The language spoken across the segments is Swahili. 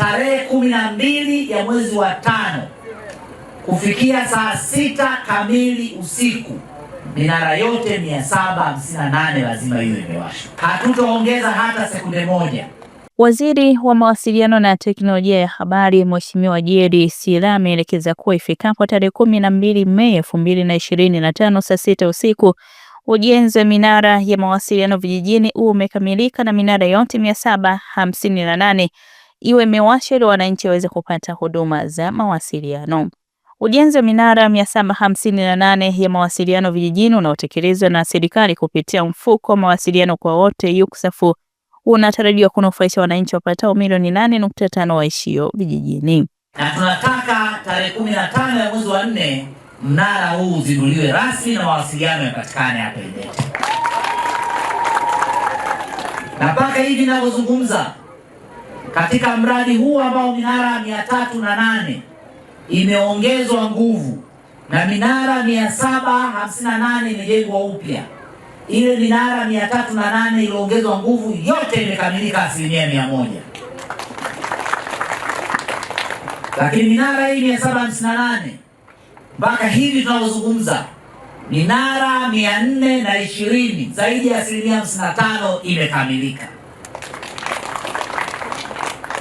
tarehe kumi na mbili ya mwezi wa tano kufikia saa sita kamili usiku minara yote 758 lazima iwe imewashwa. Hatutaongeza hata sekunde moja. Waziri wa Mawasiliano na Teknolojia ya Habari, Mheshimiwa Jerry Silaa ameelekeza kuwa ifikapo tarehe kumi na mbili Mei elfu mbili na ishirini na tano saa sita usiku ujenzi wa minara ya mawasiliano vijijini huu umekamilika na minara yote mia saba hamsini na nane iwe imewasha ili wananchi waweze kupata huduma za mawasiliano. Ujenzi wa minara 758 nane ya mawasiliano vijijini unaotekelezwa na serikali kupitia mfuko wa mawasiliano kwa wote Yuksafu unatarajiwa kunufaisha wananchi wapatao milioni 85 waishio vijijini, na tunataka tarehe 15 ya mwezi wa 4 mnara huu uzinduliwe rasmi na mawasiliano yapatikane hapa Idete, na mpaka hivi ninavyozungumza katika mradi huu ambao minara mia tatu na nane imeongezwa nguvu na minara mia saba hamsini na nane imejengwa upya. Ile minara mia tatu na nane iliongezwa nguvu yote imekamilika asilimia mia moja, lakini minara hii mia saba hamsini na nane mpaka hivi tunavyozungumza minara mia nne na ishirini zaidi ya asilimia hamsini na tano imekamilika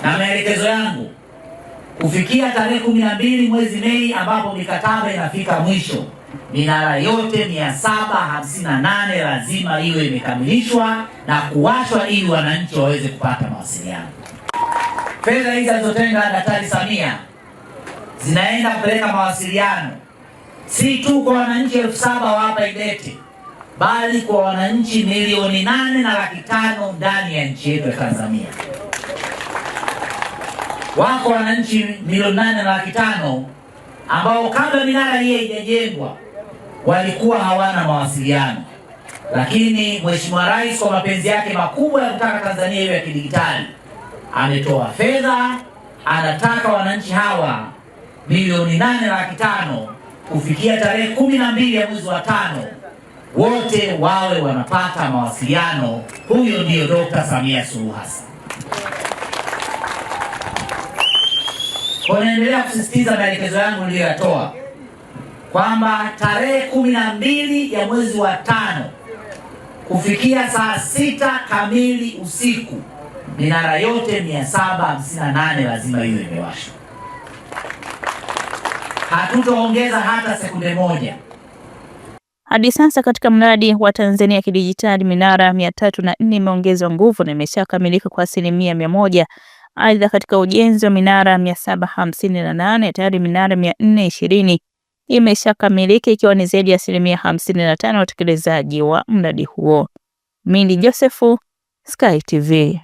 na maelekezo yangu kufikia tarehe kumi na mbili mwezi Mei ambapo mikataba inafika mwisho, minara yote mia saba hamsini na nane lazima iwe imekamilishwa na kuwashwa ili wananchi waweze kupata mawasiliano. Fedha hizi alizotenga Daktari Samia zinaenda kupeleka mawasiliano si tu kwa wananchi elfu saba wa hapa Idete bali kwa wananchi milioni nane na laki tano ndani ya nchi yetu ya Tanzania wako wananchi milioni nane na laki tano ambao kabla minara hii haijajengwa walikuwa hawana mawasiliano, lakini Mheshimiwa Rais kwa mapenzi yake makubwa ya kutaka Tanzania iwe ya kidigitali ametoa fedha, anataka wananchi hawa milioni nane na laki tano kufikia tarehe kumi na mbili ya mwezi wa tano wote wawe wanapata mawasiliano. Huyo ndiyo dokta Samia Suluhu Hassan. Kwa naendelea kusisitiza maelekezo yangu niliyoyatoa kwamba tarehe kumi na mbili ya mwezi wa tano kufikia saa sita kamili usiku minara yote 758 lazima hiyo imewashwa. Hatutaongeza hata sekunde moja. Hadi sasa katika mradi wa Tanzania ya kidijitali minara mia tatu na nne imeongezwa nguvu na imeshakamilika kwa asilimia mia moja Aidha, katika ujenzi wa minara mia saba hamsini na nane tayari minara mia nne ishirini imeshakamilika ikiwa ni zaidi ya asilimia hamsini na tano ya utekelezaji wa mradi huo. Mindi josephu Sky TV.